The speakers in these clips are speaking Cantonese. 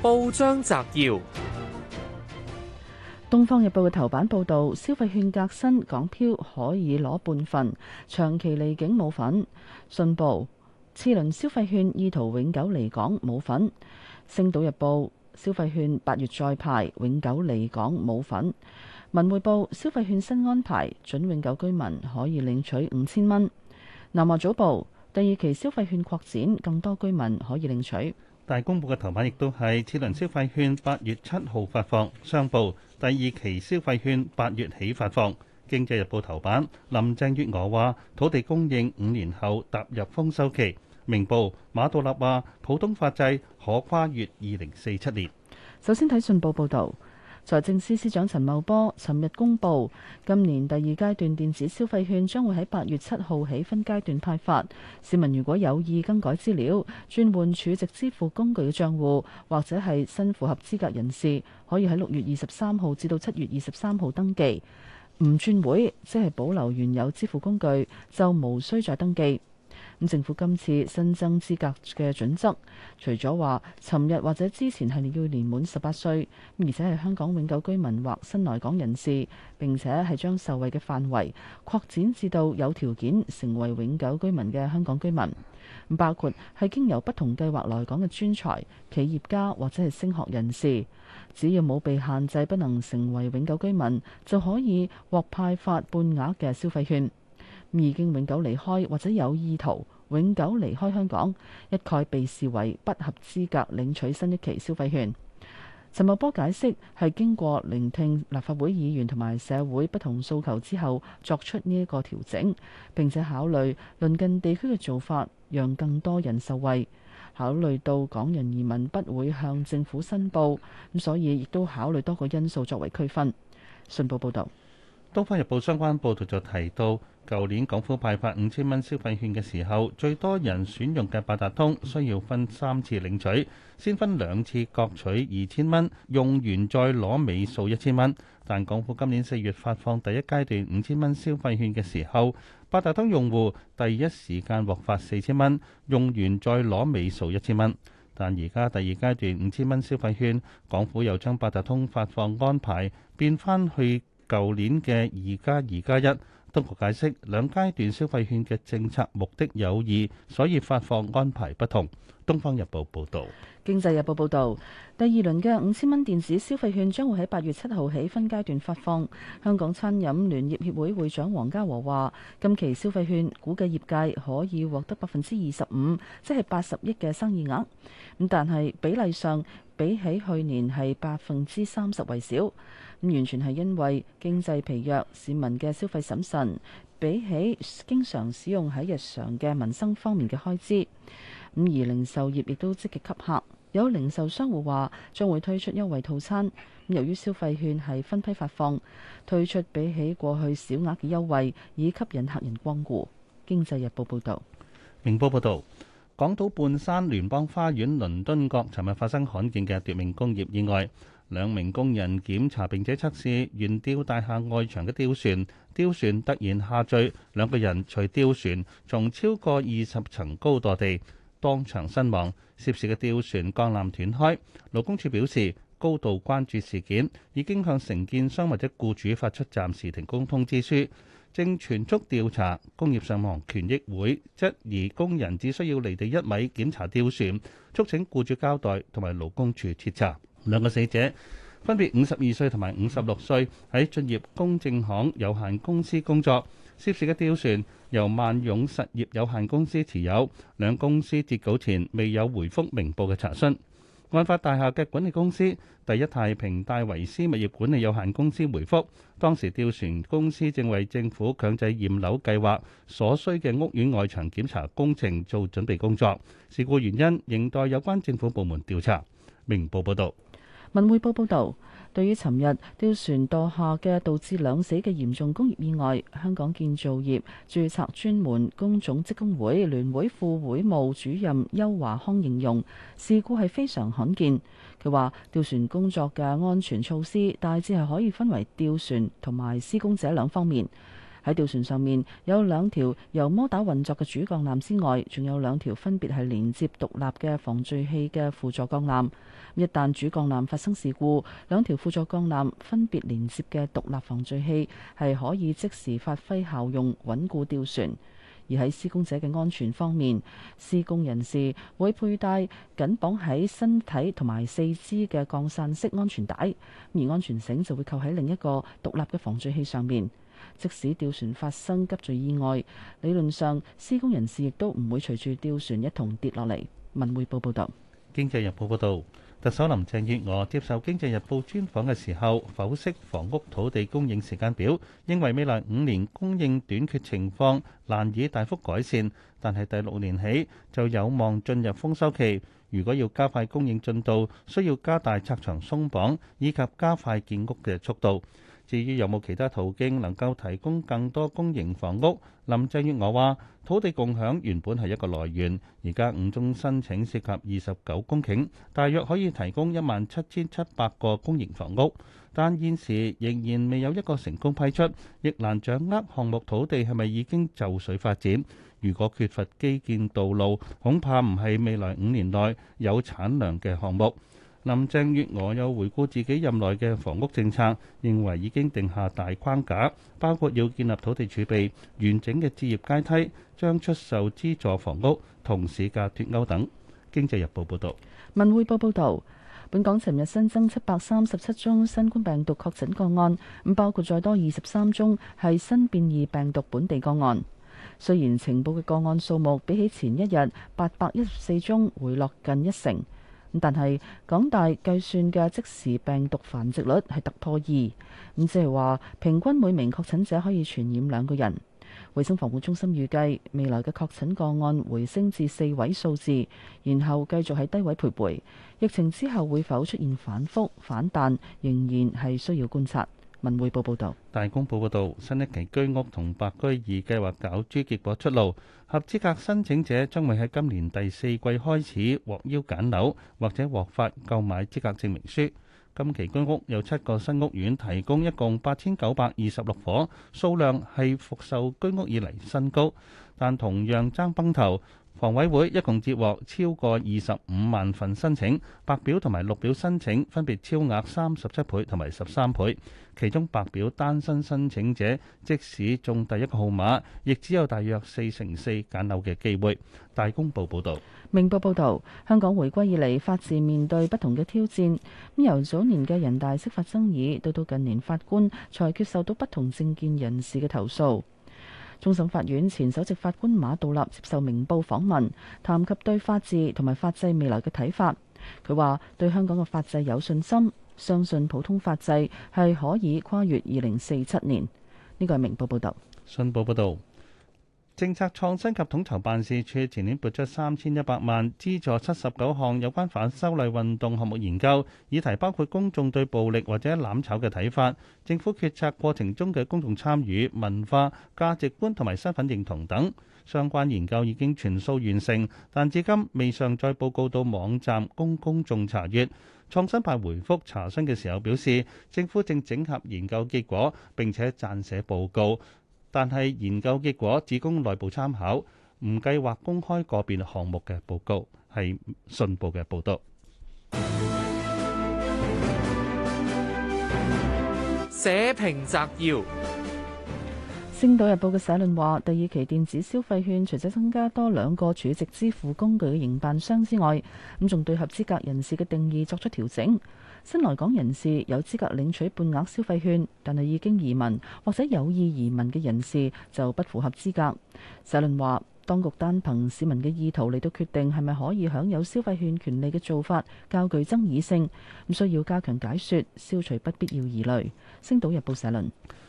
報章摘要：東方日報嘅頭版報道，消費券革新，港漂可以攞半份，長期離境冇份。信報：次輪消費券意圖永久離港冇份。星島日報：消費券八月再派，永久離港冇份。文匯報：消費券新安排，準永久居民可以領取五千蚊。南華早報：第二期消費券擴展，更多居民可以領取。大公報嘅頭版亦都係次輪消費券八月七號發放，商報第二期消費券八月起發放。經濟日報頭版，林鄭月娥話土地供應五年後踏入豐收期。明報，馬道立話普通法制可跨越二零四七年。首先睇信報報道。財政司司長陳茂波尋日公布，今年第二階段電子消費券將會喺八月七號起分階段派發。市民如果有意更改資料、轉換儲值支付工具嘅賬戶，或者係新符合資格人士，可以喺六月二十三號至到七月二十三號登記。唔轉會，即係保留原有支付工具，就無需再登記。咁政府今次新增資格嘅準則，除咗話，尋日或者之前係要年滿十八歲，而且係香港永久居民或新來港人士，並且係將受惠嘅範圍擴展至到有條件成為永久居民嘅香港居民，包括係經由不同計劃來港嘅專才、企業家或者係升學人士，只要冇被限制不能成為永久居民，就可以獲派發半額嘅消費券。咁已經永久離開或者有意圖永久離開香港，一概被視為不合資格領取新一期消費券。陳茂波解釋係經過聆聽立法會議員同埋社會不同訴求之後作出呢一個調整，並且考慮鄰近地區嘅做法，讓更多人受惠。考慮到港人移民不會向政府申報，咁所以亦都考慮多個因素作為區分。信報報道。《東方日報》相關報導就提到，舊年港府派發五千蚊消費券嘅時候，最多人選用嘅八達通需要分三次領取，先分兩次各取二千蚊，用完再攞尾數一千蚊。但港府今年四月發放第一階段五千蚊消費券嘅時候，八達通用戶第一時間獲發四千蚊，用完再攞尾數一千蚊。但而家第二階段五千蚊消費券，港府又將八達通發放安排變返去。舊年嘅二加二加一，當局解釋兩階段消費券嘅政策目的有異，所以發放安排不同。《東方日報》報道。《經濟日報》報導，第二輪嘅五千蚊電子消費券將會喺八月七號起分階段發放。香港餐飲聯業協會會長黃家和話，今期消費券估計業界可以獲得百分之二十五，即係八十億嘅生意額。咁但係比例上，比起去年係百分之三十為少。咁完全係因為經濟疲弱，市民嘅消費審慎，比起經常使用喺日常嘅民生方面嘅開支，咁而零售業亦都積極吸客。有零售商戶話將會推出優惠套餐。由於消費券係分批發放，推出比起過去小額嘅優惠，以吸引客人光顧。經濟日報報導。明報報導，港島半山聯邦花園倫敦閣尋日發生罕見嘅奪命工業意外。兩名工人檢查並且測試圓吊大廈外牆嘅吊船，吊船突然下墜，兩個人隨吊船從超過二十層高墮地，當場身亡。涉事嘅吊船降纜斷開，勞工處表示高度關注事件，已經向承建商或者僱主發出暫時停工通知書，正全速調查。工業傷亡權益會質疑工人只需要離地一米檢查吊船，促請僱主交代同埋勞工處徹查。兩個死者分別五十二歲同埋五十六歲，喺進業公證行有限公司工作。涉事嘅吊船由萬勇實業有限公司持有。兩公司截稿前未有回覆明報嘅查詢。案發大廈嘅管理公司第一太平戴維斯物業管理有限公司回覆，當時吊船公司正為政府強制驗樓計劃所需嘅屋苑外牆檢查工程做準備工作。事故原因仍待有關政府部門調查。明報報導。文匯報報道，對於尋日吊船墮下嘅導致兩死嘅嚴重工業意外，香港建造業註冊專門工種職工會聯會副會務主任邱華康形容事故係非常罕見。佢話吊船工作嘅安全措施大致係可以分為吊船同埋施工者兩方面。喺吊船上面有兩條由摩打運作嘅主鋼纜之外，仲有兩條分別係連接獨立嘅防墜器嘅輔助鋼纜。一旦主鋼纜發生事故，兩條輔助鋼纜分別連接嘅獨立防墜器係可以即時發揮效用，穩固吊船。而喺施工者嘅安全方面，施工人士會佩戴緊綁喺身體同埋四肢嘅鋼繩式安全帶，而安全繩就會扣喺另一個獨立嘅防墜器上面。即使吊船發生急墜意外，理論上施工人士亦都唔會隨住吊船一同跌落嚟。文匯報報道，經濟日報報道。特首林鄭月娥接受經濟日報專訪嘅時候，剖析房屋土地供應時間表認為，未來五年供應短缺情況難以大幅改善，但係第六年起就有望進入豐收期。如果要加快供應進度，需要加大拆牆鬆綁，以及加快建屋嘅速度。至於有冇其他途徑能夠提供更多公營房屋？林鄭月娥話：土地共享原本係一個來源，而家五宗申請涉及二十九公頃，大約可以提供一萬七千七百個公營房屋。但現時仍然未有一個成功批出，亦難掌握項目土地係咪已經就緒發展。如果缺乏基建道路，恐怕唔係未來五年內有產量嘅項目。林鄭月娥又回顧自己任內嘅房屋政策，認為已經定下大框架，包括要建立土地儲備、完整嘅置業階梯、將出售資助房屋、同市價脫鈎等。經濟日報報道，文匯報報道，本港尋日新增七百三十七宗新冠病毒確診個案，咁包括再多二十三宗係新變異病毒本地個案。雖然情報嘅個案數目比起前一日八百一十四宗回落近一成。但係港大計算嘅即時病毒繁殖率係突破二，咁即係話平均每名確診者可以傳染兩個人。衛生防護中心預計未來嘅確診個案回升至四位數字，然後繼續喺低位徘徊。疫情之後會否出現反覆、反彈，仍然係需要觀察。文匯報報道，大公報報道，新一期居屋同白居二計劃攪珠結果出爐，合資格申請者將會喺今年第四季開始獲邀揀樓，或者獲發購買資格證明書。今期居屋有七個新屋苑提供，一共八千九百二十六伙，數量係復售居屋以嚟新高，但同樣爭崩頭。房委會一共接獲超過二十五萬份申請，白表同埋綠表申請分別超額三十七倍同埋十三倍。其中白表單身申請者，即使中第一個號碼，亦只有大約四成四揀樓嘅機會。大公報報道。明報報道，香港回歸以嚟，法治面對不同嘅挑戰。由早年嘅人大釋法爭議，到到近年法官裁決受到不同政見人士嘅投訴。終審法院前首席法官馬道立接受明報訪問，談及對法治同埋法制未來嘅睇法。佢話對香港嘅法制有信心，相信普通法制係可以跨越二零四七年。呢、這個係明報報道。信報報道。政策創新及統籌辦事處前年撥出三千一百萬，資助七十九項有關反修例運動項目研究，議題包括公眾對暴力或者攬炒嘅睇法、政府決策過程中嘅公眾參與、文化價值觀同埋身份認同等相關研究已經全數完成，但至今未上載報告到網站供公眾查閱。創新辦回覆查詢嘅時候表示，政府正整合研究結果，並且撰寫報告。但係研究結果只供內部參考，唔計劃公開個別項目嘅報告，係信報嘅報道。社評摘要，《星島日報》嘅社論話，第二期電子消費券除咗增加多兩個儲值支付工具嘅營辦商之外，咁仲對合資格人士嘅定義作出調整。新來港人士有資格領取半額消費券，但係已經移民或者有意移民嘅人士就不符合資格。社論話，當局單憑市民嘅意圖嚟到決定係咪可以享有消費券權利嘅做法較具爭議性，咁需要加強解説，消除不必要疑慮。《星島日報》社論。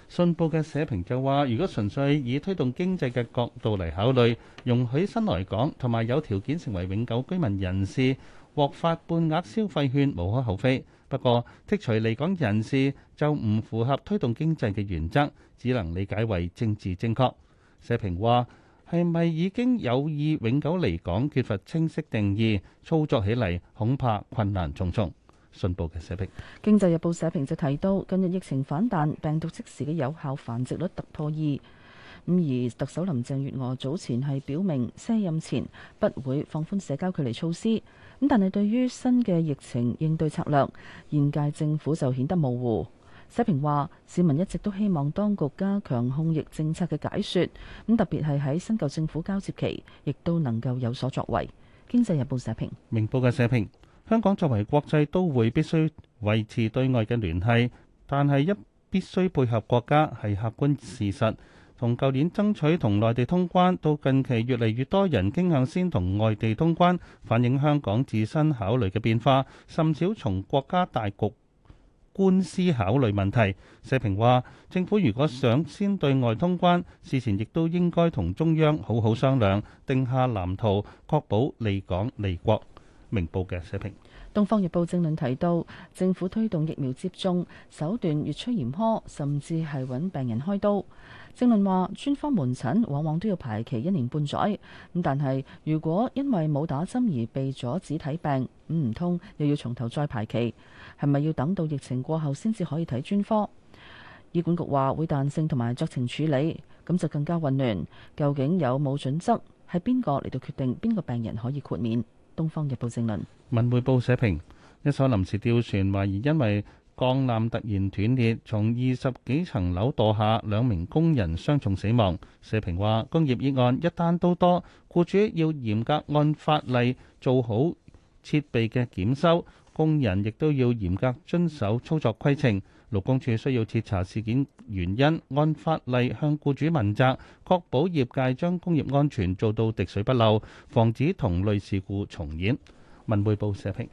信報嘅社評就話，如果純粹以推動經濟嘅角度嚟考慮，容許新來港同埋有條件成為永久居民人士獲發半額消費券，無可厚非。不過剔除離港人士就唔符合推動經濟嘅原則，只能理解為政治正確。社評話：係咪已經有意永久離港？缺乏清晰定義，操作起嚟恐怕困難重重。信報嘅社評。《經濟日報》社評就提到，近日疫情反彈，病毒即時嘅有效繁殖率突破二。咁而特首林鄭月娥早前係表明卸任前不會放寬社交距離措施。咁但係對於新嘅疫情應對策略，現屆政府就顯得模糊。社評話：市民一直都希望當局加強控疫政策嘅解説，咁特別係喺新舊政府交接期，亦都能夠有所作為。經濟日報社評。明報嘅社評。香港作為國際都會，必須維持對外嘅聯繫，但係一必須配合國家係客觀事實。從舊年爭取同內地通關，到近期越嚟越多人傾向先同外地通關，反映香港自身考慮嘅變化，甚少從國家大局觀思考慮問題。社評話，政府如果想先對外通關，事前亦都應該同中央好好商量，定下藍圖，確保利港利國。明報嘅社評。《東方日報》政論提到，政府推動疫苗接種手段越趨嚴苛，甚至係揾病人開刀。政論話，專科門診往往都要排期一年半載。咁但係，如果因為冇打針而被阻止睇病，咁唔通又要從頭再排期？係咪要等到疫情過後先至可以睇專科？醫管局話會彈性同埋酌情處理，咁就更加混亂。究竟有冇準則？係邊個嚟到決定邊個病人可以豁免？《東方日報》評論，《文匯報》社評，一艘臨時吊船懷疑因為鋼纜突然斷裂，從二十幾層樓墮下，兩名工人傷重死亡。社評話：工業意外一單都多，僱主要嚴格按法例做好設備嘅檢修。工人亦都要嚴格遵守操作規程，勞工處需要徹查事件原因，按法例向僱主問責，確保業界將工業安全做到滴水不漏，防止同類事故重演。文匯報社評。